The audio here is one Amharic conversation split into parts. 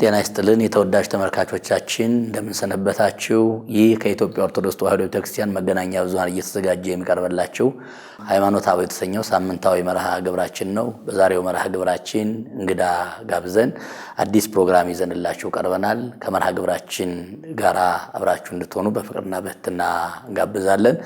ጤና ይስጥልን የተወዳጅ ተመልካቾቻችን እንደምንሰነበታችው፣ ይህ ከኢትዮጵያ ኦርቶዶክስ ተዋሕዶ ቤተክርስቲያን መገናኛ ብዙኃን እየተዘጋጀ የሚቀርበላችሁ ሃይማኖታዊ የተሰኘው ሳምንታዊ መርሃ ግብራችን ነው። በዛሬው መርሃ ግብራችን እንግዳ ጋብዘን አዲስ ፕሮግራም ይዘንላችሁ ቀርበናል። ከመርሃ ግብራችን ጋራ አብራችሁ እንድትሆኑ በፍቅርና በትህትና እንጋብዛለን።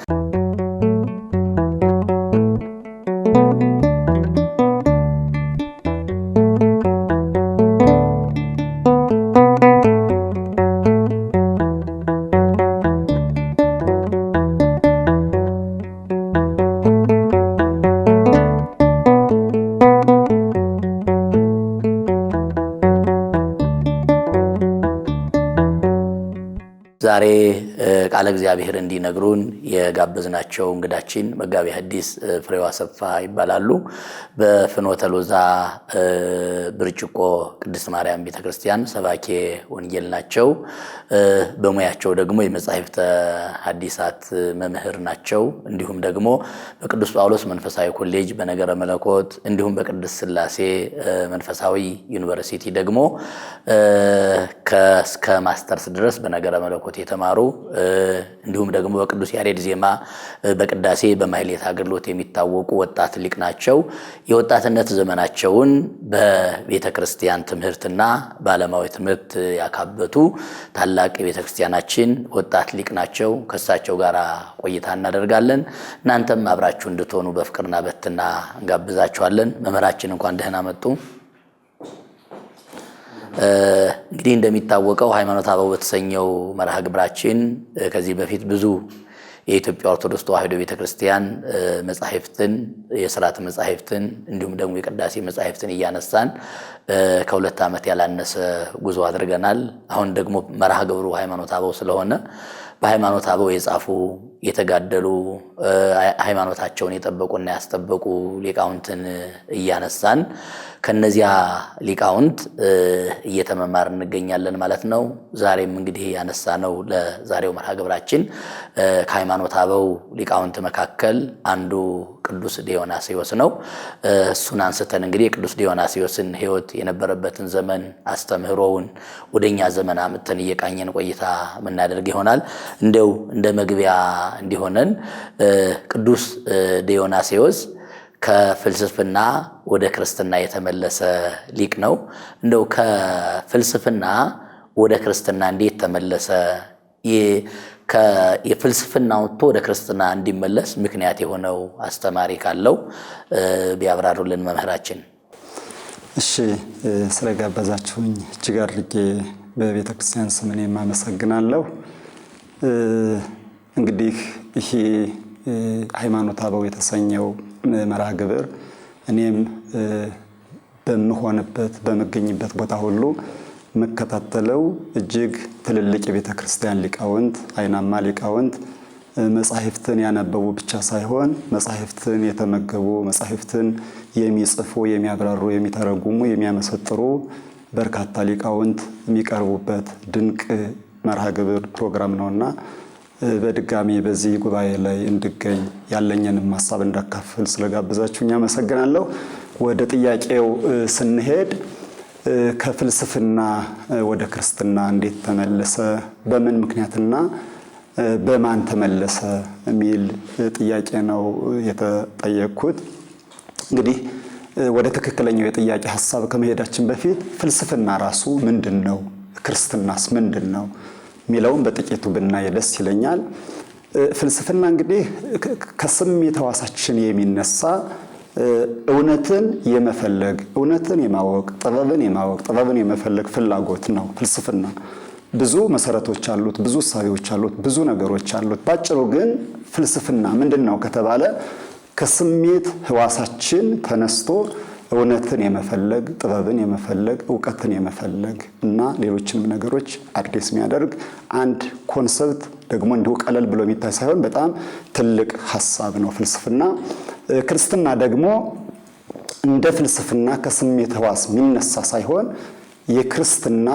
ቃለ እግዚአብሔርን እንዲነግሩን የጋበዝናቸው እንግዳችን መጋቢ ሐዲስ ፍሬው አሰፋ ይባላሉ። በፍኖተ ሎዛ ብርጭቆ ቅድስት ማርያም ቤተክርስቲያን ሰባኬ ወንጌል ናቸው። በሙያቸው ደግሞ የመጻሕፍተ ሐዲሳት መምህር ናቸው። እንዲሁም ደግሞ በቅዱስ ጳውሎስ መንፈሳዊ ኮሌጅ በነገረ መለኮት እንዲሁም በቅድስት ስላሴ መንፈሳዊ ዩኒቨርሲቲ ደግሞ ከእስከ ማስተርስ ድረስ በነገረ መለኮት የተማሩ እንዲሁም ደግሞ በቅዱስ ያሬድ ዜማ፣ በቅዳሴ፣ በማሕሌት አገልግሎት የሚታወቁ ወጣት ሊቅ ናቸው። የወጣትነት ዘመናቸውን በቤተ ክርስቲያን ትምህርትና በዓለማዊ ትምህርት ያካበቱ ታላቅ የቤተ ክርስቲያናችን ወጣት ሊቅ ናቸው። ከእሳቸው ጋር ቆይታ እናደርጋለን። እናንተም አብራችሁ እንድትሆኑ በፍቅርና በትና እንጋብዛችኋለን። መምህራችን እንኳን ደህና መጡ። እንግዲህ እንደሚታወቀው ሃይማኖት አበው በተሰኘው መርሃ ግብራችን ከዚህ በፊት ብዙ የኢትዮጵያ ኦርቶዶክስ ተዋሕዶ ቤተክርስቲያን መጻሕፍትን የስርዓት መጻሕፍትን እንዲሁም ደግሞ የቅዳሴ መጻሕፍትን እያነሳን ከሁለት ዓመት ያላነሰ ጉዞ አድርገናል። አሁን ደግሞ መርሃ ግብሩ ሃይማኖት አበው ስለሆነ በሃይማኖት አበው የጻፉ የተጋደሉ ሃይማኖታቸውን የጠበቁና ያስጠበቁ ሊቃውንትን እያነሳን ከነዚያ ሊቃውንት እየተመማር እንገኛለን ማለት ነው። ዛሬም እንግዲህ ያነሳ ነው ለዛሬው መርሃ ግብራችን ከሃይማኖት አበው ሊቃውንት መካከል አንዱ ቅዱስ ዲዮናስዮስ ነው። እሱን አንስተን እንግዲህ የቅዱስ ዲዮናስዮስን ሕይወት የነበረበትን ዘመን አስተምህሮውን ወደኛ ዘመን አምጥተን እየቃኘን ቆይታ የምናደርግ ይሆናል። እንደው እንደ መግቢያ እንዲሆነን ቅዱስ ዲዮናስዮስ ከፍልስፍና ወደ ክርስትና የተመለሰ ሊቅ ነው። እንደው ከፍልስፍና ወደ ክርስትና እንዴት ተመለሰ? የፍልስፍና ወጥቶ ወደ ክርስትና እንዲመለስ ምክንያት የሆነው አስተማሪ ካለው ቢያብራሩልን መምህራችን። እሺ፣ ስለጋበዛችሁኝ እጅግ አድርጌ በቤተ ክርስቲያን ስም እንግዲህ ይሄ ሃይማኖት አበው የተሰኘው መርሃ ግብር እኔም በምሆንበት በምገኝበት ቦታ ሁሉ መከታተለው እጅግ ትልልቅ የቤተ ክርስቲያን ሊቃውንት፣ አይናማ ሊቃውንት መጻሕፍትን ያነበቡ ብቻ ሳይሆን መጻሕፍትን የተመገቡ መጻሕፍትን የሚጽፉ፣ የሚያብራሩ፣ የሚተረጉሙ፣ የሚያመሰጥሩ በርካታ ሊቃውንት የሚቀርቡበት ድንቅ መርሃ ግብር ፕሮግራም ነውና በድጋሚ በዚህ ጉባኤ ላይ እንድገኝ ያለኝንም ሀሳብ እንዳካፍል ስለጋበዛችሁኝ አመሰግናለሁ። ወደ ጥያቄው ስንሄድ ከፍልስፍና ወደ ክርስትና እንዴት ተመለሰ፣ በምን ምክንያትና በማን ተመለሰ የሚል ጥያቄ ነው የተጠየቅኩት። እንግዲህ ወደ ትክክለኛው የጥያቄ ሀሳብ ከመሄዳችን በፊት ፍልስፍና ራሱ ምንድን ነው? ክርስትናስ ምንድን ነው? የሚለውን በጥቂቱ ብናይ ደስ ይለኛል። ፍልስፍና እንግዲህ ከስሜት ሕዋሳችን የሚነሳ እውነትን የመፈለግ እውነትን የማወቅ ጥበብን የማወቅ ጥበብን የመፈለግ ፍላጎት ነው። ፍልስፍና ብዙ መሰረቶች አሉት፣ ብዙ እሳቤዎች አሉት፣ ብዙ ነገሮች አሉት። ባጭሩ ግን ፍልስፍና ምንድን ነው ከተባለ ከስሜት ሕዋሳችን ተነስቶ እውነትን የመፈለግ ጥበብን የመፈለግ እውቀትን የመፈለግ እና ሌሎችንም ነገሮች አድሬስ የሚያደርግ አንድ ኮንሰብት ደግሞ እንዲሁ ቀለል ብሎ የሚታይ ሳይሆን በጣም ትልቅ ሀሳብ ነው ፍልስፍና። ክርስትና ደግሞ እንደ ፍልስፍና ከስሜት ሕዋስ የሚነሳ ሳይሆን የክርስትና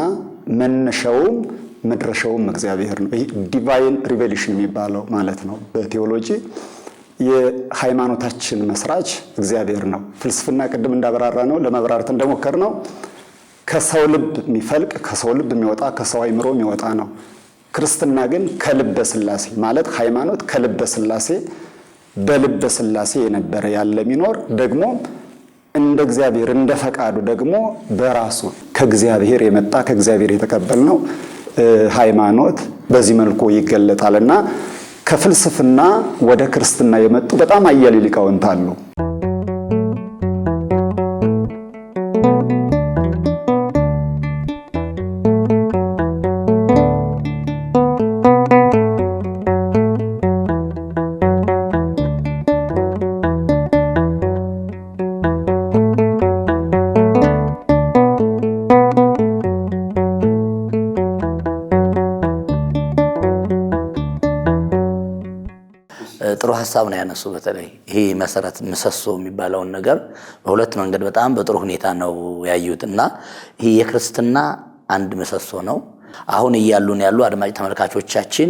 መነሻውም መድረሻውም እግዚአብሔር ነው። ይህ ዲቫይን ሪቬሌሽን የሚባለው ማለት ነው በቴዎሎጂ የሃይማኖታችን መስራች እግዚአብሔር ነው። ፍልስፍና ቅድም እንዳብራራ ነው ለመብራራት እንደሞከር ነው ከሰው ልብ የሚፈልቅ ከሰው ልብ የሚወጣ ከሰው አይምሮ የሚወጣ ነው። ክርስትና ግን ከልበ ስላሴ ማለት ሃይማኖት ከልበ ስላሴ በልበ ስላሴ የነበረ ያለ የሚኖር ደግሞ እንደ እግዚአብሔር እንደ ፈቃዱ ደግሞ በራሱ ከእግዚአብሔር የመጣ ከእግዚአብሔር ነው ሃይማኖት በዚህ መልኩ ይገለጣልና ከፍልስፍና ወደ ክርስትና የመጡ በጣም አያሌ ሊቃውንት አሉ። እነሱ በተለይ ይህ መሰረት ምሰሶ የሚባለውን ነገር በሁለት መንገድ በጣም በጥሩ ሁኔታ ነው ያዩት እና ይህ የክርስትና አንድ ምሰሶ ነው። አሁን እያሉን ያሉ አድማጭ ተመልካቾቻችን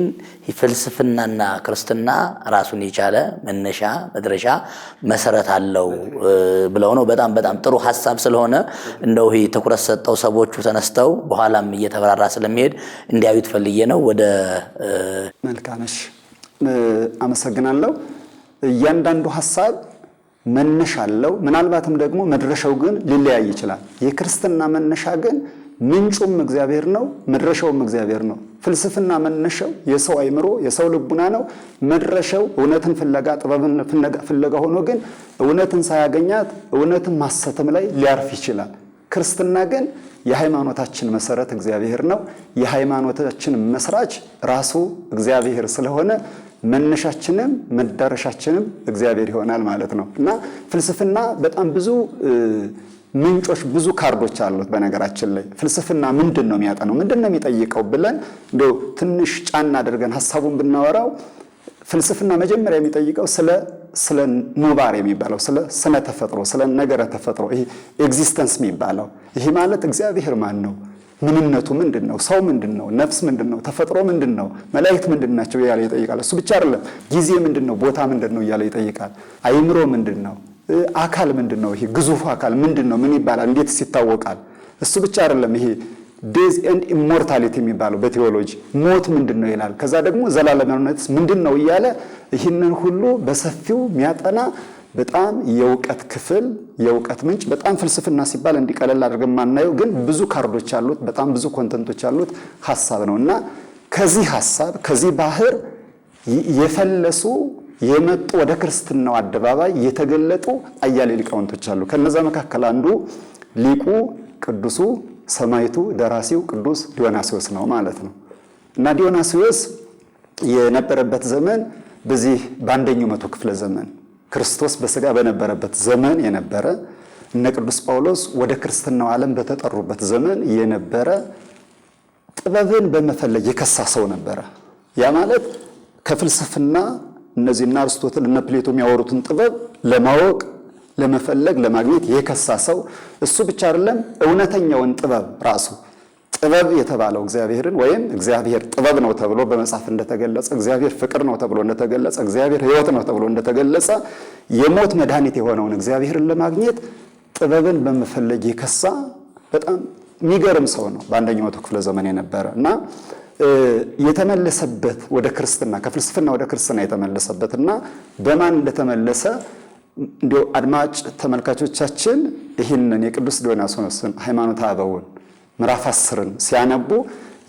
ፍልስፍናና ክርስትና ራሱን የቻለ መነሻ መድረሻ መሰረት አለው ብለው ነው። በጣም በጣም ጥሩ ሀሳብ ስለሆነ እንደው ትኩረት ሰጠው ሰዎቹ ተነስተው በኋላም እየተብራራ ስለሚሄድ እንዲያዩት ፈልጌ ነው። ወደ መልካመሽ አመሰግናለሁ። እያንዳንዱ ሀሳብ መነሻ አለው። ምናልባትም ደግሞ መድረሻው ግን ሊለያይ ይችላል። የክርስትና መነሻ ግን ምንጩም እግዚአብሔር ነው፣ መድረሻውም እግዚአብሔር ነው። ፍልስፍና መነሻው የሰው አይምሮ የሰው ልቡና ነው። መድረሻው እውነትን ፍለጋ ጥበብን ፍለጋ ሆኖ ግን እውነትን ሳያገኛት እውነትን ማሰትም ላይ ሊያርፍ ይችላል። ክርስትና ግን የሃይማኖታችን መሰረት እግዚአብሔር ነው። የሃይማኖታችን መስራች ራሱ እግዚአብሔር ስለሆነ መነሻችንም መዳረሻችንም እግዚአብሔር ይሆናል ማለት ነው እና ፍልስፍና በጣም ብዙ ምንጮች ብዙ ካርዶች አሉት። በነገራችን ላይ ፍልስፍና ምንድን ነው የሚያጠነው ምንድን ነው የሚጠይቀው ብለን እንደ ትንሽ ጫና አድርገን ሀሳቡን ብናወራው ፍልስፍና መጀመሪያ የሚጠይቀው ስለ ስለ ኑባር የሚባለው ስለ ስነ ተፈጥሮ ስለ ነገረ ተፈጥሮ ይሄ ኤግዚስተንስ የሚባለው ይሄ ማለት እግዚአብሔር ማን ነው ምንነቱ ምንድን ነው? ሰው ምንድን ነው? ነፍስ ምንድን ነው? ተፈጥሮ ምንድን ነው? መላእክት ምንድን ናቸው እያለ ይጠይቃል። እሱ ብቻ አይደለም፣ ጊዜ ምንድን ነው? ቦታ ምንድን ነው እያለ ይጠይቃል። አይምሮ ምንድን ነው? አካል ምንድን ነው? ይሄ ግዙፍ አካል ምንድን ነው? ምን ይባላል? እንዴትስ ይታወቃል? እሱ ብቻ አይደለም ይሄ ዴዝ ኤንድ ኢሞርታሊቲ የሚባለው በቴዎሎጂ ሞት ምንድን ነው ይላል። ከዛ ደግሞ ዘላለማዊነትስ ምንድን ነው እያለ ይህንን ሁሉ በሰፊው የሚያጠና በጣም የእውቀት ክፍል የእውቀት ምንጭ በጣም ፍልስፍና ሲባል እንዲቀለል አድርገን ማናየው ግን ብዙ ካርዶች አሉት፣ በጣም ብዙ ኮንተንቶች አሉት ሀሳብ ነው እና ከዚህ ሀሳብ ከዚህ ባህር የፈለሱ የመጡ ወደ ክርስትናው አደባባይ የተገለጡ አያሌ ሊቃውንቶች አሉ። ከነዛ መካከል አንዱ ሊቁ ቅዱሱ ሰማይቱ ደራሲው ቅዱስ ዲዮናስዮስ ነው ማለት ነው እና ዲዮናስዮስ የነበረበት ዘመን በዚህ በአንደኛው መቶ ክፍለ ዘመን ክርስቶስ በስጋ በነበረበት ዘመን የነበረ እነ ቅዱስ ጳውሎስ ወደ ክርስትናው ዓለም በተጠሩበት ዘመን የነበረ ጥበብን በመፈለግ የከሳ ሰው ነበረ። ያ ማለት ከፍልስፍና እነዚህና አርስቶትል እነ ፕሌቶ የሚያወሩትን ጥበብ ለማወቅ ለመፈለግ ለማግኘት የከሳ ሰው እሱ ብቻ አይደለም፣ እውነተኛውን ጥበብ ራሱ ጥበብ የተባለው እግዚአብሔርን ወይም እግዚአብሔር ጥበብ ነው ተብሎ በመጽሐፍ እንደተገለጸ፣ እግዚአብሔር ፍቅር ነው ተብሎ እንደተገለጸ፣ እግዚአብሔር ሕይወት ነው ተብሎ እንደተገለጸ የሞት መድኃኒት የሆነውን እግዚአብሔርን ለማግኘት ጥበብን በመፈለግ የከሳ በጣም የሚገርም ሰው ነው በአንደኛው መቶ ክፍለ ዘመን የነበረ እና የተመለሰበት ወደ ክርስትና ከፍልስፍና ወደ ክርስትና የተመለሰበት እና በማን እንደተመለሰ እንዲሁ አድማጭ ተመልካቾቻችን ይህንን የቅዱስ ዲዮናስዮስን ሃይማኖተ አበውን ምዕራፍ 10ን ሲያነቡ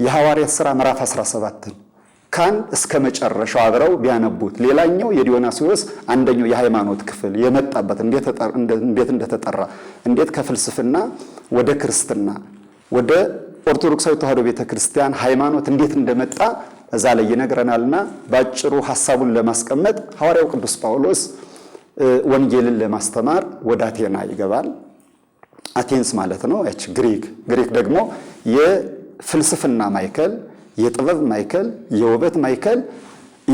የሐዋርያት ሥራ ምዕራፍ 17ን ከአንድ እስከ መጨረሻው አብረው ቢያነቡት፣ ሌላኛው የዲዮናስዮስ አንደኛው የሃይማኖት ክፍል የመጣበት እንዴት እንደተጠራ እንዴት ከፍልስፍና ወደ ክርስትና ወደ ኦርቶዶክሳዊ ተዋሕዶ ቤተ ክርስቲያን ሃይማኖት እንዴት እንደመጣ እዛ ላይ ይነግረናልና በአጭሩ ሐሳቡን ለማስቀመጥ ሐዋርያው ቅዱስ ጳውሎስ ወንጌልን ለማስተማር ወደ አቴና ይገባል። አቴንስ ማለት ነው። ያች ግሪክ ግሪክ ደግሞ የፍልስፍና ማዕከል፣ የጥበብ ማዕከል፣ የውበት ማዕከል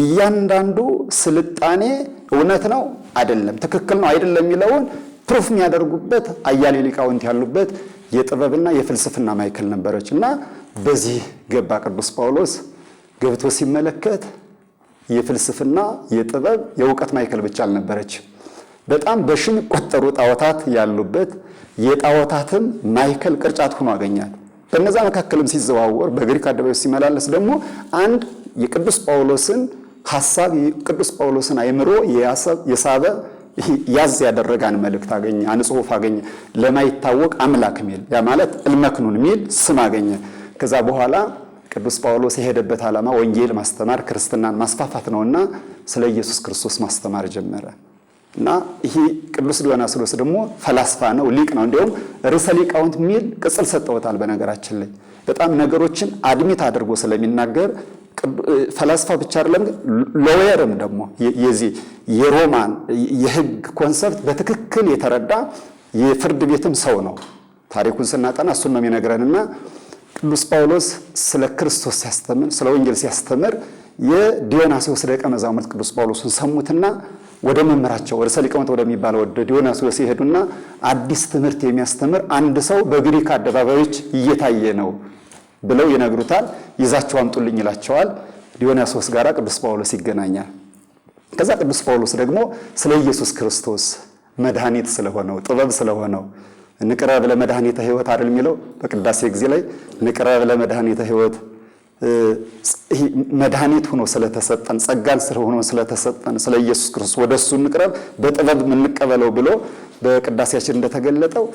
እያንዳንዱ ስልጣኔ እውነት ነው አይደለም፣ ትክክል ነው አይደለም የሚለውን ፕሩፍ የሚያደርጉበት አያሌ ሊቃውንት ያሉበት የጥበብና የፍልስፍና ማይከል ነበረች እና በዚህ ገባ ቅዱስ ጳውሎስ ገብቶ ሲመለከት የፍልስፍና የጥበብ የእውቀት ማይከል ብቻ አልነበረች። በጣም በሺ የሚቆጠሩ ጣዖታት ያሉበት የጣዖታትም ማይከል ቅርጫት ሆኖ አገኛል። በነዛ መካከልም ሲዘዋወር በግሪክ አደባባዮች ሲመላለስ ደግሞ አንድ የቅዱስ ጳውሎስን ሀሳብ ቅዱስ ጳውሎስን አይምሮ የሳበ ያዝ ያደረገ አን መልእክት አገኘ፣ አን ጽሑፍ አገኘ። ለማይታወቅ አምላክ ሚል ያ ማለት እልመክኑን ሚል ስም አገኘ። ከዛ በኋላ ቅዱስ ጳውሎስ የሄደበት ዓላማ ወንጌል ማስተማር ክርስትናን ማስፋፋት ነውና ስለ ኢየሱስ ክርስቶስ ማስተማር ጀመረ። እና ይህ ቅዱስ ዲዮናስዮስ ደግሞ ፈላስፋ ነው፣ ሊቅ ነው። እንዲሁም ርዕሰ ሊቃውንት የሚል ቅጽል ሰጠውታል። በነገራችን ላይ በጣም ነገሮችን አድሚት አድርጎ ስለሚናገር ፈላስፋ ብቻ አይደለም፣ ሎየርም ደግሞ የዚህ የሮማን የህግ ኮንሰፕት በትክክል የተረዳ የፍርድ ቤትም ሰው ነው። ታሪኩን ስናጠና እሱን ነው የሚነግረንና ቅዱስ ጳውሎስ ስለ ክርስቶስ ሲያስተምር ስለ ወንጌል ሲያስተምር የዲዮናሲዎስ ደቀ መዛሙርት ቅዱስ ጳውሎስን ሰሙትና ወደ መምህራቸው ወደ ሰሊቀመት ወደሚባለው ወደ ዲዮናሲዎስ ይሄዱና አዲስ ትምህርት የሚያስተምር አንድ ሰው በግሪክ አደባባዮች እየታየ ነው ብለው ይነግሩታል። ይዛቸው አምጡልኝ ይላቸዋል። ዲዮናሲዎስ ጋር ቅዱስ ጳውሎስ ይገናኛል። ከዛ ቅዱስ ጳውሎስ ደግሞ ስለ ኢየሱስ ክርስቶስ መድኃኒት ስለሆነው ጥበብ ስለሆነው ንቅረብ ለመድኃኒተ ሕይወት አይደል የሚለው በቅዳሴ ጊዜ ላይ ንቅረብ ለመድኃኒተ ሕይወት መድኃኒት ሆኖ ስለተሰጠን ጸጋን ስር ሆኖ ስለተሰጠን ስለ ኢየሱስ ክርስቶስ ወደ እሱ እንቅረብ፣ በጥበብ እንቀበለው ብሎ በቅዳሴያችን እንደተገለጠው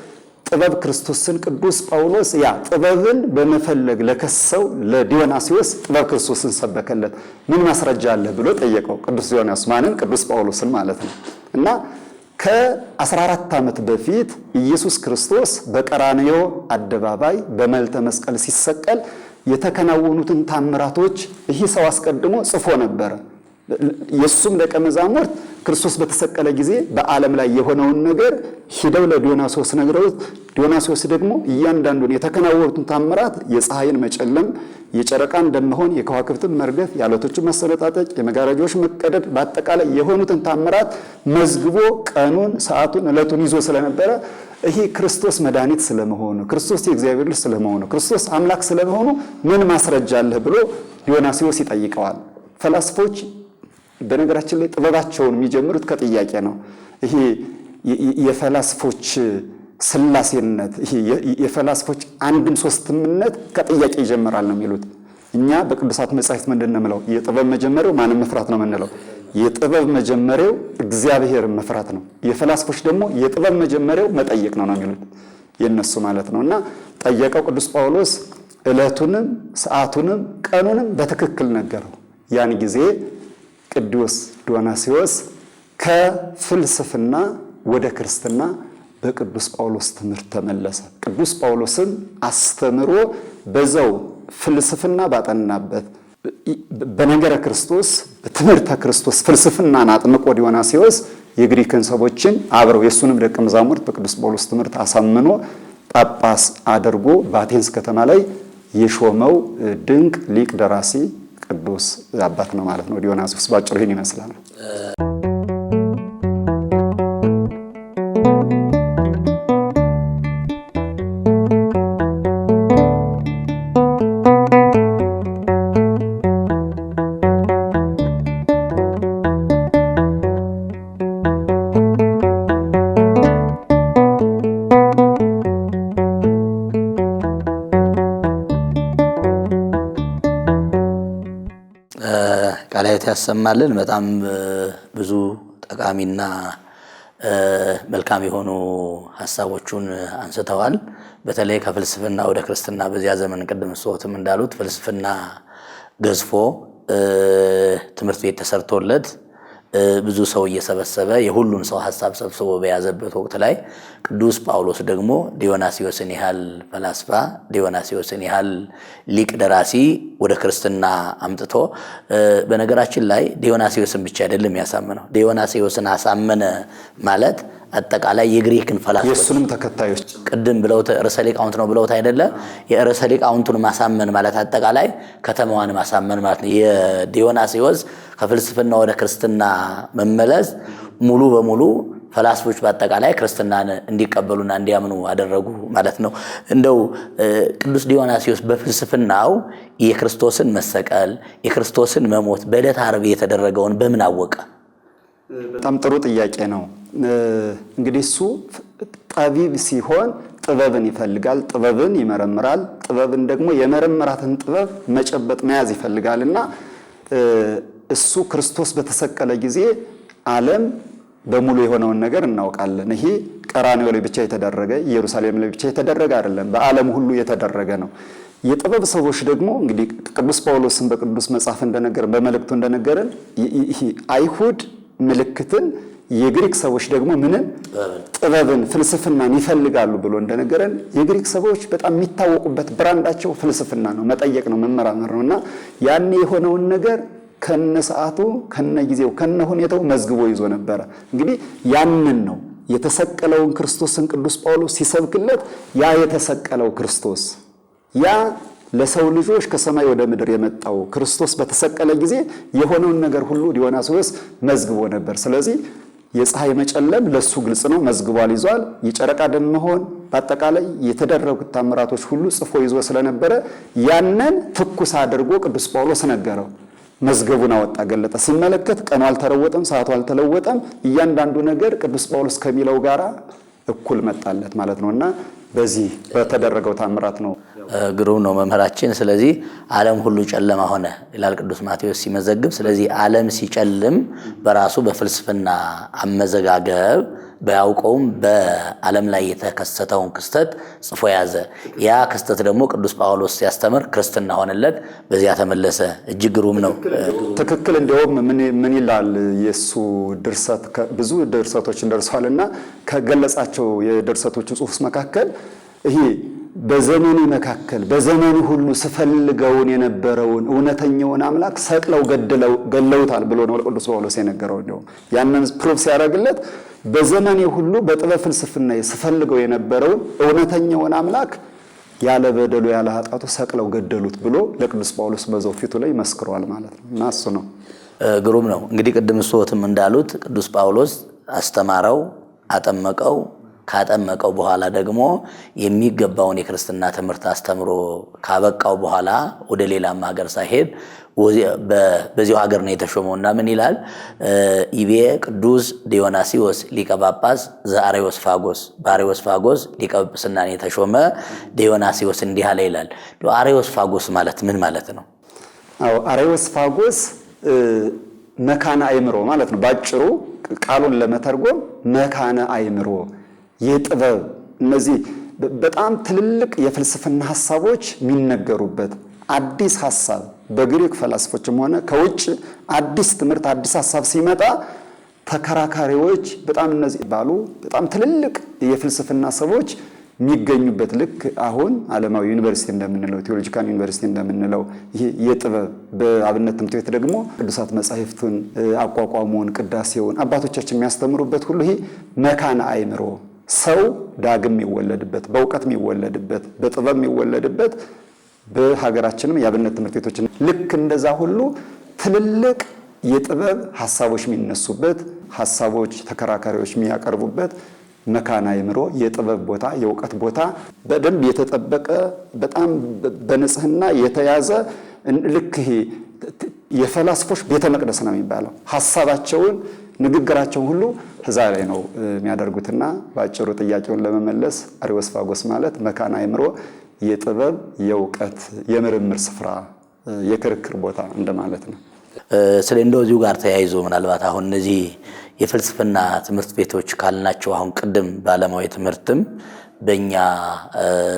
ጥበብ ክርስቶስን ቅዱስ ጳውሎስ ያ ጥበብን በመፈለግ ለከሰው ለዲዮናሲዎስ ጥበብ ክርስቶስን ሰበከለት። ምን ማስረጃ አለ ብሎ ጠየቀው። ቅዱስ ዲዮናስ ማንን? ቅዱስ ጳውሎስን ማለት ነው እና ከ14 ዓመት በፊት ኢየሱስ ክርስቶስ በቀራንዮ አደባባይ በመልተ መስቀል ሲሰቀል የተከናወኑትን ታምራቶች ይህ ሰው አስቀድሞ ጽፎ ነበር የእሱም ደቀ መዛሙርት ክርስቶስ በተሰቀለ ጊዜ በዓለም ላይ የሆነውን ነገር ሂደው ለዲዮናሶስ ነግረውት፣ ዲዮናሶስ ደግሞ እያንዳንዱን የተከናወኑትን ታምራት የፀሐይን መጨለም፣ የጨረቃ እንደመሆን፣ የከዋክብትን መርገፍ፣ የዓለቶቹን መሰነጣጠቅ፣ የመጋረጃዎች መቀደድ፣ በአጠቃላይ የሆኑትን ታምራት መዝግቦ ቀኑን፣ ሰዓቱን፣ ዕለቱን ይዞ ስለነበረ ይሄ ክርስቶስ መድኃኒት ስለመሆኑ ክርስቶስ የእግዚአብሔር ልጅ ስለመሆኑ ክርስቶስ አምላክ ስለመሆኑ ምን ማስረጃ አለህ ብሎ ዲዮናሲዎስ ይጠይቀዋል። ፈላስፎች በነገራችን ላይ ጥበባቸውን የሚጀምሩት ከጥያቄ ነው። ይሄ የፈላስፎች ስላሴነት ይሄ የፈላስፎች አንድም ሶስትምነት ከጥያቄ ይጀምራል ነው የሚሉት። እኛ በቅዱሳት መጻሕፍት ምንድን ነው የምለው? የጥበብ መጀመሪያው ማንም መፍራት ነው የምንለው። የጥበብ መጀመሪያው እግዚአብሔር መፍራት ነው። የፈላስፎች ደግሞ የጥበብ መጀመሪያው መጠየቅ ነው ነው የሚሉት የነሱ ማለት ነው። እና ጠየቀው ቅዱስ ጳውሎስ ዕለቱንም ሰዓቱንም ቀኑንም በትክክል ነገረው ያን ጊዜ ቅዱስ ዲዮናስዮስ ከፍልስፍና ወደ ክርስትና በቅዱስ ጳውሎስ ትምህርት ተመለሰ። ቅዱስ ጳውሎስን አስተምሮ በዛው ፍልስፍና ባጠናበት በነገረ ክርስቶስ በትምህርተ ክርስቶስ ፍልስፍናን አጥምቆ ዲዮናስዮስ የግሪክን ሰዎችን አብረው የእሱንም ደቀ መዛሙርት በቅዱስ ጳውሎስ ትምህርት አሳምኖ ጳጳስ አድርጎ በአቴንስ ከተማ ላይ የሾመው ድንቅ ሊቅ ደራሲ ቅዱስ አባት ነው ማለት ነው። ዲዮናስዮስ ባጭሩ ይህን ይመስላል። እናሰማለን። በጣም ብዙ ጠቃሚና መልካም የሆኑ ሀሳቦቹን አንስተዋል። በተለይ ከፍልስፍና ወደ ክርስትና በዚያ ዘመን ቅድም ስወትም እንዳሉት ፍልስፍና ገዝፎ ትምህርት ቤት ተሰርቶለት ብዙ ሰው እየሰበሰበ የሁሉን ሰው ሀሳብ ሰብስቦ በያዘበት ወቅት ላይ ቅዱስ ጳውሎስ ደግሞ ዲዮናሲዮስን ያህል ፈላስፋ፣ ዲዮናሲዮስን ያህል ሊቅ ደራሲ ወደ ክርስትና አምጥቶ በነገራችን ላይ ዲዮናሲዮስን ብቻ አይደለም ያሳመነው። ዲዮናሲዮስን አሳመነ ማለት አጠቃላይ የግሪክን ፈላስፎች የእሱንም ተከታዮች ቅድም ብለው ርዕሰ ሊቃውንት ነው ብለውት አይደለ? የርዕሰ ሊቃውንቱን ማሳመን ማለት አጠቃላይ ከተማዋን ማሳመን ማለት ነው። የዲዮናስዮስ ከፍልስፍና ወደ ክርስትና መመለስ ሙሉ በሙሉ ፈላስፎች በአጠቃላይ ክርስትናን እንዲቀበሉና እንዲያምኑ አደረጉ ማለት ነው። እንደው ቅዱስ ዲዮናሲዎስ በፍልስፍናው የክርስቶስን መሰቀል፣ የክርስቶስን መሞት በዕለተ ዓርብ የተደረገውን በምን አወቀ? በጣም ጥሩ ጥያቄ ነው። እንግዲህ እሱ ጠቢብ ሲሆን ጥበብን ይፈልጋል፣ ጥበብን ይመረምራል። ጥበብን ደግሞ የመረምራትን ጥበብ መጨበጥ መያዝ እና እሱ ክርስቶስ በተሰቀለ ጊዜ ዓለም በሙሉ የሆነውን ነገር እናውቃለን። ይሄ ቀራንዮ ላይ ብቻ የተደረገ ኢየሩሳሌም ላይ ብቻ የተደረገ አይደለም፣ በዓለም ሁሉ የተደረገ ነው። የጥበብ ሰዎች ደግሞ እንግዲህ ቅዱስ ጳውሎስን በቅዱስ መጽሐፍ እንደነገረን በመልእክቱ እንደነገረን አይሁድ ምልክትን የግሪክ ሰዎች ደግሞ ምንን ጥበብን ፍልስፍናን ይፈልጋሉ ብሎ እንደነገረን የግሪክ ሰዎች በጣም የሚታወቁበት ብራንዳቸው ፍልስፍና ነው፣ መጠየቅ ነው፣ መመራመር ነው እና ያኔ የሆነውን ነገር ከነ ሰዓቱ ከነ ጊዜው ከነ ሁኔታው መዝግቦ ይዞ ነበረ። እንግዲህ ያንን ነው የተሰቀለውን ክርስቶስን ቅዱስ ጳውሎስ ሲሰብክለት ያ የተሰቀለው ክርስቶስ ያ ለሰው ልጆች ከሰማይ ወደ ምድር የመጣው ክርስቶስ በተሰቀለ ጊዜ የሆነውን ነገር ሁሉ ዲዮናስዮስ መዝግቦ ነበር። ስለዚህ የፀሐይ መጨለም ለሱ ግልጽ ነው፣ መዝግቧል፣ ይዟል። የጨረቃ ደም መሆን በአጠቃላይ የተደረጉት ታምራቶች ሁሉ ጽፎ ይዞ ስለነበረ ያንን ትኩስ አድርጎ ቅዱስ ጳውሎስ ነገረው። መዝገቡን አወጣ፣ ገለጠ። ሲመለከት ቀኑ አልተለወጠም፣ ሰዓቱ አልተለወጠም። እያንዳንዱ ነገር ቅዱስ ጳውሎስ ከሚለው ጋራ እኩል መጣለት ማለት ነው እና በዚህ በተደረገው ታምራት ነው። ግሩም ነው መምህራችን። ስለዚህ ዓለም ሁሉ ጨለማ ሆነ ይላል ቅዱስ ማቴዎስ ሲመዘግብ። ስለዚህ ዓለም ሲጨልም በራሱ በፍልስፍና አመዘጋገብ ባያውቀውም በዓለም ላይ የተከሰተውን ክስተት ጽፎ ያዘ። ያ ክስተት ደግሞ ቅዱስ ጳውሎስ ሲያስተምር ክርስትና ሆነለት፣ በዚያ ተመለሰ። እጅግ ግሩም ነው። ትክክል። እንዲሁም ምን ይላል የእሱ ድርሰት? ብዙ ድርሰቶችን ደርሰዋል እና ከገለጻቸው የድርሰቶቹ ጽሑፍ መካከል ይሄ በዘመኔ መካከል በዘመኑ ሁሉ ስፈልገውን የነበረውን እውነተኛውን አምላክ ሰቅለው ገለውታል ብሎ ነው ቅዱስ ጳውሎስ የነገረው። እንዲሁም ያንን ፕሩፍ ሲያደርግለት በዘመኔ ሁሉ በጥበብ ፍልስፍና ስፈልገው የነበረውን እውነተኛውን አምላክ ያለ በደሉ ያለ ኃጢአቱ ሰቅለው ገደሉት ብሎ ለቅዱስ ጳውሎስ በዛው ፊቱ ላይ መስክሯል ማለት ነው። እና እሱ ነው ግሩም ነው። እንግዲህ ቅድም ሶትም እንዳሉት ቅዱስ ጳውሎስ አስተማረው፣ አጠመቀው ካጠመቀው በኋላ ደግሞ የሚገባውን የክርስትና ትምህርት አስተምሮ ካበቃው በኋላ ወደ ሌላም ሀገር ሳይሄድ በዚሁ ሀገር ነው የተሾመው እና ምን ይላል? ኢቤ ቅዱስ ዲዮናሲዎስ ሊቀ ጳጳስ ዘአሬዎስፋጎስ በአሬዎስፋጎስ ሊቀ ጵጵስናን የተሾመ ዲዮናሲዎስ እንዲህ አለ ይላል። አሬዎስፋጎስ ማለት ምን ማለት ነው? አሬዎስፋጎስ መካነ አይምሮ ማለት ነው። ባጭሩ ቃሉን ለመተርጎም መካነ አይምሮ የጥበብ እነዚህ በጣም ትልልቅ የፍልስፍና ሀሳቦች የሚነገሩበት አዲስ ሀሳብ በግሪክ ፈላስፎችም ሆነ ከውጭ አዲስ ትምህርት አዲስ ሀሳብ ሲመጣ ተከራካሪዎች በጣም እነዚህ ባሉ በጣም ትልልቅ የፍልስፍና ሰዎች የሚገኙበት ልክ አሁን ዓለማዊ ዩኒቨርሲቲ እንደምንለው ቴዎሎጂካል ዩኒቨርሲቲ እንደምንለው ይህ የጥበብ በአብነት ትምህርት ቤት ደግሞ ቅዱሳት መጻሕፍቱን አቋቋሙን ቅዳሴውን አባቶቻችን የሚያስተምሩበት ሁሉ ይሄ መካነ አእምሮ ሰው ዳግም የሚወለድበት በእውቀት የሚወለድበት በጥበብ የሚወለድበት በሀገራችንም የአብነት ትምህርት ቤቶች ልክ እንደዛ ሁሉ ትልልቅ የጥበብ ሀሳቦች የሚነሱበት ሀሳቦች ተከራካሪዎች የሚያቀርቡበት መካና አእምሮ የጥበብ ቦታ የእውቀት ቦታ በደንብ የተጠበቀ በጣም በንጽህና የተያዘ ልክ ይሄ የፈላስፎች ቤተ መቅደስ ነው የሚባለው ሀሳባቸውን ንግግራቸውን ሁሉ እዛ ላይ ነው የሚያደርጉትና በአጭሩ ጥያቄውን ለመመለስ አሪዮስፋጎስ ማለት መካና አይምሮ የጥበብ የእውቀት የምርምር ስፍራ የክርክር ቦታ እንደማለት ነው። ስለ እንደዚሁ ጋር ተያይዞ ምናልባት አሁን እነዚህ የፍልስፍና ትምህርት ቤቶች ካልናቸው አሁን ቅድም ባለማዊ ትምህርትም በእኛ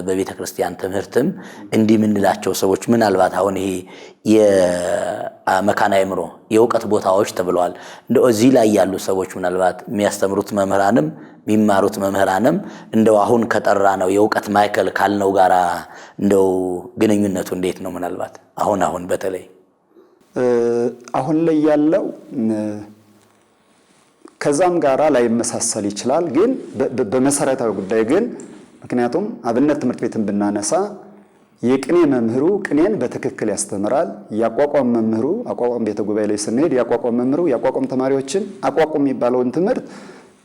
በቤተ ክርስቲያን ትምህርትም እንዲህ የምንላቸው ሰዎች ምናልባት አሁን ይሄ የመካነ አእምሮ የእውቀት ቦታዎች ተብለዋል። እንደ እዚህ ላይ ያሉ ሰዎች ምናልባት የሚያስተምሩት መምህራንም የሚማሩት መምህራንም እንደው አሁን ከጠራ ነው የእውቀት ማዕከል ካልነው ጋራ እንደው ግንኙነቱ እንዴት ነው? ምናልባት አሁን አሁን በተለይ አሁን ላይ ያለው ከዛም ጋራ ላይመሳሰል ይችላል። ግን በመሰረታዊ ጉዳይ ግን ምክንያቱም አብነት ትምህርት ቤትን ብናነሳ የቅኔ መምህሩ ቅኔን በትክክል ያስተምራል። ያቋቋም መምህሩ አቋቋም ቤተ ጉባኤ ላይ ስንሄድ ያቋቋም መምህሩ ያቋቋም ተማሪዎችን አቋቋም የሚባለውን ትምህርት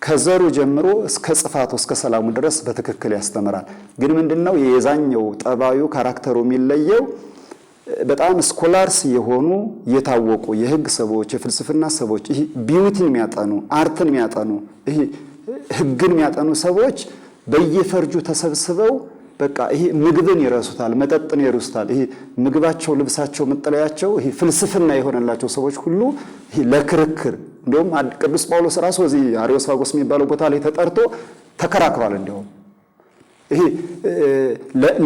ከዘሩ ጀምሮ እስከ ጽፋቱ እስከ ሰላሙ ድረስ በትክክል ያስተምራል። ግን ምንድነው የዛኛው ጠባዩ ካራክተሩ የሚለየው በጣም ስኮላርስ የሆኑ የታወቁ የህግ ሰዎች፣ የፍልስፍና ሰዎች፣ ይህ ቢዩቲን የሚያጠኑ አርትን የሚያጠኑ ይህ ህግን የሚያጠኑ ሰዎች በየፈርጁ ተሰብስበው በቃ ይሄ ምግብን ይረሱታል፣ መጠጥን ይረሱታል። ይሄ ምግባቸው፣ ልብሳቸው፣ መጠለያቸው ይሄ ፍልስፍና የሆነላቸው ሰዎች ሁሉ ይሄ ለክርክር እንዲሁም ቅዱስ ጳውሎስ ራሱ እዚህ አሪዮስፋጎስ የሚባለው ቦታ ላይ ተጠርቶ ተከራክሯል እንዲሁም ይሄ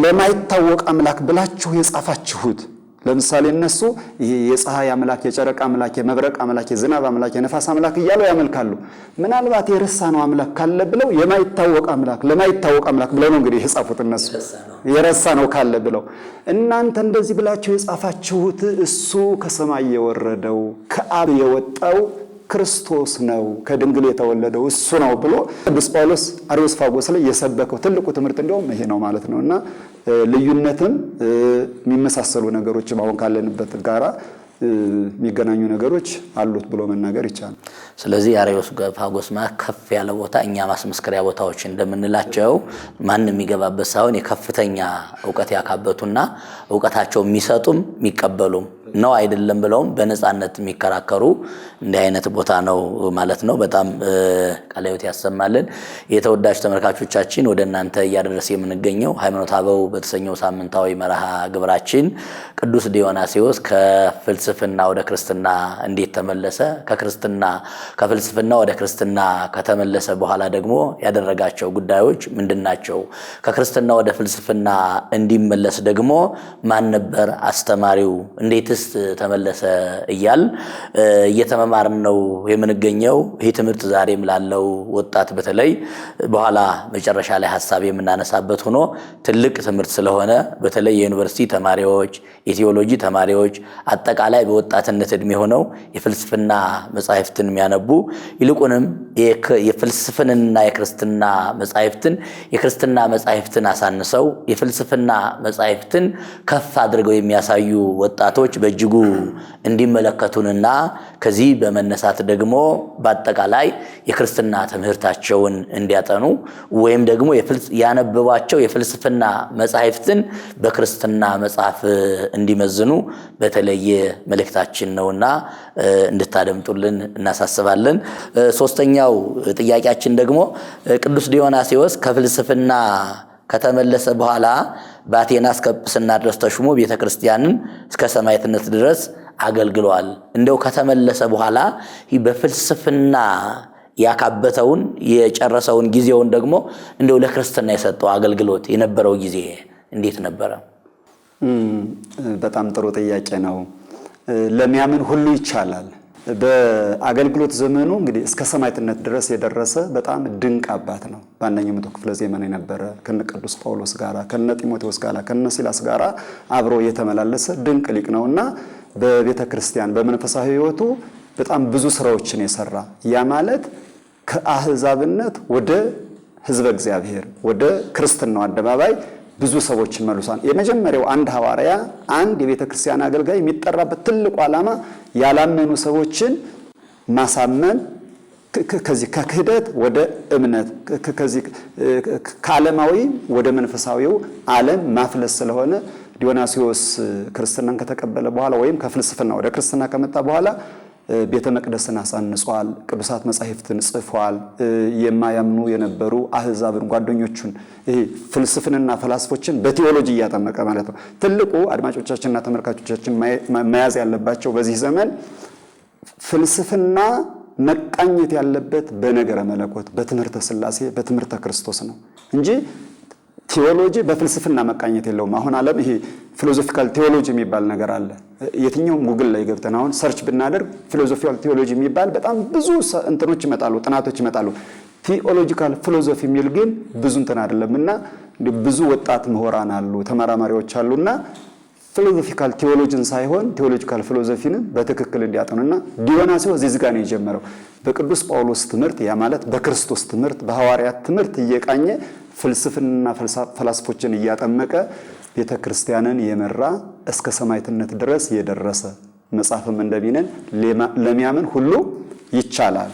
ለማይታወቅ አምላክ ብላችሁ የጻፋችሁት ለምሳሌ እነሱ የፀሐይ አምላክ፣ የጨረቃ አምላክ፣ የመብረቅ አምላክ፣ የዝናብ አምላክ፣ የነፋስ አምላክ እያሉ ያመልካሉ። ምናልባት ነው አምላክ ካለ ብለው የማይታወቅ አምላክ ለማይታወቅ አምላክ ብለው ነው እንግዲህ የጻፉት እነሱ ነው ካለ ብለው። እናንተ እንደዚህ ብላችሁ የጻፋችሁት እሱ ከሰማይ የወረደው ከአብ የወጣው ክርስቶስ ነው ከድንግል የተወለደው እሱ ነው ብሎ ቅዱስ ጳውሎስ ፋጎስ ላይ የሰበከው ትልቁ ትምህርት እንዲሁም ይሄ ነው ማለት ነው እና ልዩነትም የሚመሳሰሉ ነገሮች አሁን ካለንበት ጋራ የሚገናኙ ነገሮች አሉት ብሎ መናገር ይቻላል። ስለዚህ ፋጎስ ከፍ ያለ ቦታ እኛ ማስመስከሪያ ቦታዎች እንደምንላቸው ማንም የሚገባበት ሳይሆን የከፍተኛ እውቀት ያካበቱና እውቀታቸው የሚሰጡም የሚቀበሉም ነው አይደለም ብለውም በነፃነት የሚከራከሩ እንዲህ አይነት ቦታ ነው ማለት ነው። በጣም ቀላዩት ያሰማልን። የተወዳጅ ተመልካቾቻችን ወደ እናንተ እያደረስ የምንገኘው ሃይማኖተ አበው በተሰኘው ሳምንታዊ መርሃ ግብራችን ቅዱስ ዲዮናስዮስ ከፍልስፍና ወደ ክርስትና እንዴት ተመለሰ፣ ከክርስትና ከፍልስፍና ወደ ክርስትና ከተመለሰ በኋላ ደግሞ ያደረጋቸው ጉዳዮች ምንድን ናቸው? ከክርስትና ወደ ፍልስፍና እንዲመለስ ደግሞ ማን ነበር አስተማሪው? እንዴት መንግስት ተመለሰ እያል እየተመማርን ነው የምንገኘው። ይህ ትምህርት ዛሬም ላለው ወጣት በተለይ በኋላ መጨረሻ ላይ ሀሳብ የምናነሳበት ሆኖ ትልቅ ትምህርት ስለሆነ በተለይ የዩኒቨርሲቲ ተማሪዎች፣ የቴዎሎጂ ተማሪዎች አጠቃላይ በወጣትነት እድሜ ሆነው የፍልስፍና መጻሕፍትን የሚያነቡ ይልቁንም የፍልስፍንና የክርስትና መጻሕፍትን የክርስትና መጻሕፍትን አሳንሰው የፍልስፍና መጻሕፍትን ከፍ አድርገው የሚያሳዩ ወጣቶች በእጅጉ እንዲመለከቱንና ከዚህ በመነሳት ደግሞ በአጠቃላይ የክርስትና ትምህርታቸውን እንዲያጠኑ ወይም ደግሞ ያነበቧቸው የፍልስፍና መጻሕፍትን በክርስትና መጽሐፍ እንዲመዝኑ በተለየ መልእክታችን ነውና እንድታደምጡልን እናሳስባለን። ሶስተኛው ጥያቄያችን ደግሞ ቅዱስ ዲዮናስዮስ ከፍልስፍና ከተመለሰ በኋላ በአቴና እስከ ጵጵስና ድረስ ተሹሞ ቤተ ክርስቲያንን እስከ ሰማዕትነት ድረስ አገልግሏል። እንደው ከተመለሰ በኋላ በፍልስፍና ያካበተውን የጨረሰውን ጊዜውን ደግሞ እንደው ለክርስትና የሰጠው አገልግሎት የነበረው ጊዜ እንዴት ነበረ? በጣም ጥሩ ጥያቄ ነው። ለሚያምን ሁሉ ይቻላል በአገልግሎት ዘመኑ እንግዲህ እስከ ሰማዕትነት ድረስ የደረሰ በጣም ድንቅ አባት ነው። በአንደኛው መቶ ክፍለ ዘመን የነበረ ከነ ቅዱስ ጳውሎስ ጋራ ከነ ጢሞቴዎስ ጋራ ከነ ሲላስ ጋራ አብሮ የተመላለሰ ድንቅ ሊቅ ነውና በቤተ ክርስቲያን በመንፈሳዊ ሕይወቱ በጣም ብዙ ስራዎችን የሰራ ያ ማለት ከአህዛብነት ወደ ሕዝበ እግዚአብሔር ወደ ክርስትናው አደባባይ ብዙ ሰዎች ይመሉሳል። የመጀመሪያው አንድ ሐዋርያ አንድ የቤተ ክርስቲያን አገልጋይ የሚጠራበት ትልቁ ዓላማ ያላመኑ ሰዎችን ማሳመን ከዚህ ከክህደት ወደ እምነት ከዚህ ከዓለማዊ ወደ መንፈሳዊው ዓለም ማፍለስ ስለሆነ ዲዮናሲዎስ ክርስትናን ከተቀበለ በኋላ ወይም ከፍልስፍና ወደ ክርስትና ከመጣ በኋላ ቤተ መቅደስን አሳንጿል፣ ቅዱሳት መጻሕፍትን ጽፏል። የማያምኑ የነበሩ አህዛብን ጓደኞቹን ይሄ ፍልስፍንና ፈላስፎችን በቴዎሎጂ እያጠመቀ ማለት ነው። ትልቁ አድማጮቻችንና ተመልካቾቻችን መያዝ ያለባቸው በዚህ ዘመን ፍልስፍና መቃኘት ያለበት በነገረ መለኮት፣ በትምህርተ ስላሴ በትምህርተ ክርስቶስ ነው እንጂ ቴዎሎጂ በፍልስፍና መቃኘት የለውም። አሁን ዓለም ይሄ ፊሎዞፊካል ቴዎሎጂ የሚባል ነገር አለ። የትኛውም ጉግል ላይ ገብተን አሁን ሰርች ብናደርግ ፊሎዞፊካል ቴዎሎጂ የሚባል በጣም ብዙ እንትኖች ይመጣሉ፣ ጥናቶች ይመጣሉ። ቴዎሎጂካል ፊሎዞፊ የሚል ግን ብዙ እንትን አይደለም እና ብዙ ወጣት ምሁራን አሉ፣ ተመራማሪዎች እና ፊሎዞፊካል ቴዎሎጂን ሳይሆን ቴዎሎጂካል ፊሎዞፊንን በትክክል እንዲያጠኑና ዲዮናሲዎስ እዚህ ጋር ነው የጀመረው። በቅዱስ ጳውሎስ ትምህርት፣ ያ ማለት በክርስቶስ ትምህርት፣ በሐዋርያት ትምህርት እየቃኘ ፍልስፍንና ፈላስፎችን እያጠመቀ ቤተ ክርስቲያንን የመራ እስከ ሰማይትነት ድረስ የደረሰ መጽሐፍም እንደሚነን ለሚያምን ሁሉ ይቻላል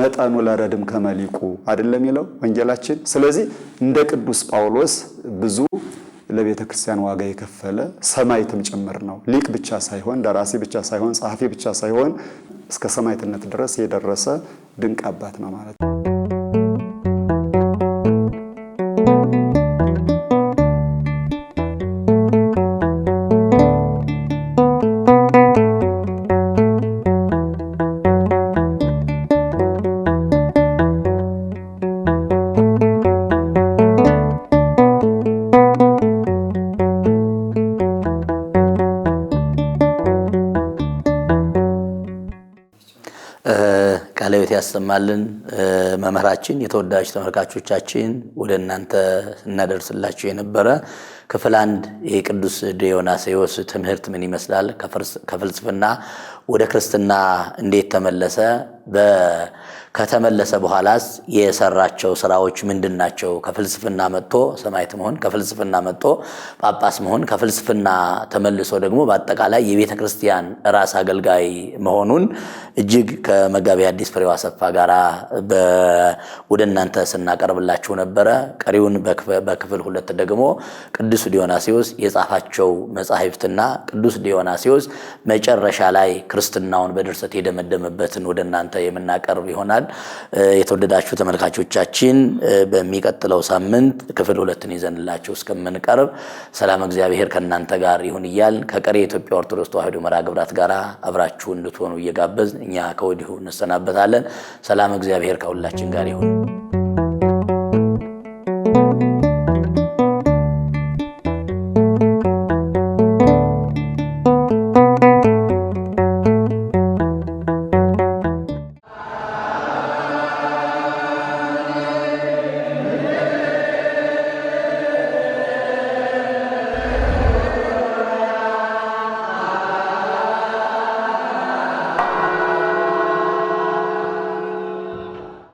መጠኑ ለረድም ከመሊቁ አይደለም የሚለው ወንጌላችን። ስለዚህ እንደ ቅዱስ ጳውሎስ ብዙ ለቤተ ክርስቲያን ዋጋ የከፈለ ሰማይትም ጭምር ነው። ሊቅ ብቻ ሳይሆን ደራሲ ብቻ ሳይሆን ጸሐፊ ብቻ ሳይሆን እስከ ሰማይትነት ድረስ የደረሰ ድንቅ አባት ነው ማለት ነው። ያሰማልን መምህራችን። የተወዳጅ ተመልካቾቻችን ወደ እናንተ እናደርስላችሁ የነበረ ክፍል አንድ የቅዱስ ዲዮናስዮስ ትምህርት ምን ይመስላል፣ ከፍልስፍና ወደ ክርስትና እንዴት ተመለሰ፣ ከተመለሰ በኋላስ የሰራቸው ስራዎች ምንድን ናቸው? ከፍልስፍና መጥቶ ሰማዕት መሆን፣ ከፍልስፍና መጥቶ ጳጳስ መሆን፣ ከፍልስፍና ተመልሶ ደግሞ በአጠቃላይ የቤተ ክርስቲያን ራስ አገልጋይ መሆኑን እጅግ ከመጋቢ አዲስ ፍሬው አሰፋ ጋር ወደ እናንተ ስናቀርብላችሁ ነበረ። ቀሪውን በክፍል ሁለት ደግሞ ቅዱስ ዲዮናሲዎስ የጻፋቸው መጻሕፍትና ቅዱስ ዲዮናሲዎስ መጨረሻ ላይ ክርስትናውን በድርሰት የደመደመበትን ወደ እናንተ እናንተ የምናቀርብ ይሆናል። የተወደዳችሁ ተመልካቾቻችን በሚቀጥለው ሳምንት ክፍል ሁለትን ይዘንላችሁ እስከምንቀርብ ሰላም እግዚአብሔር ከእናንተ ጋር ይሁን እያል ከቀሪ የኢትዮጵያ ኦርቶዶክስ ተዋሕዶ መርሐ ግብራት ጋር አብራችሁ እንድትሆኑ እየጋበዝ እኛ ከወዲሁ እንሰናበታለን። ሰላም እግዚአብሔር ከሁላችን ጋር ይሁን።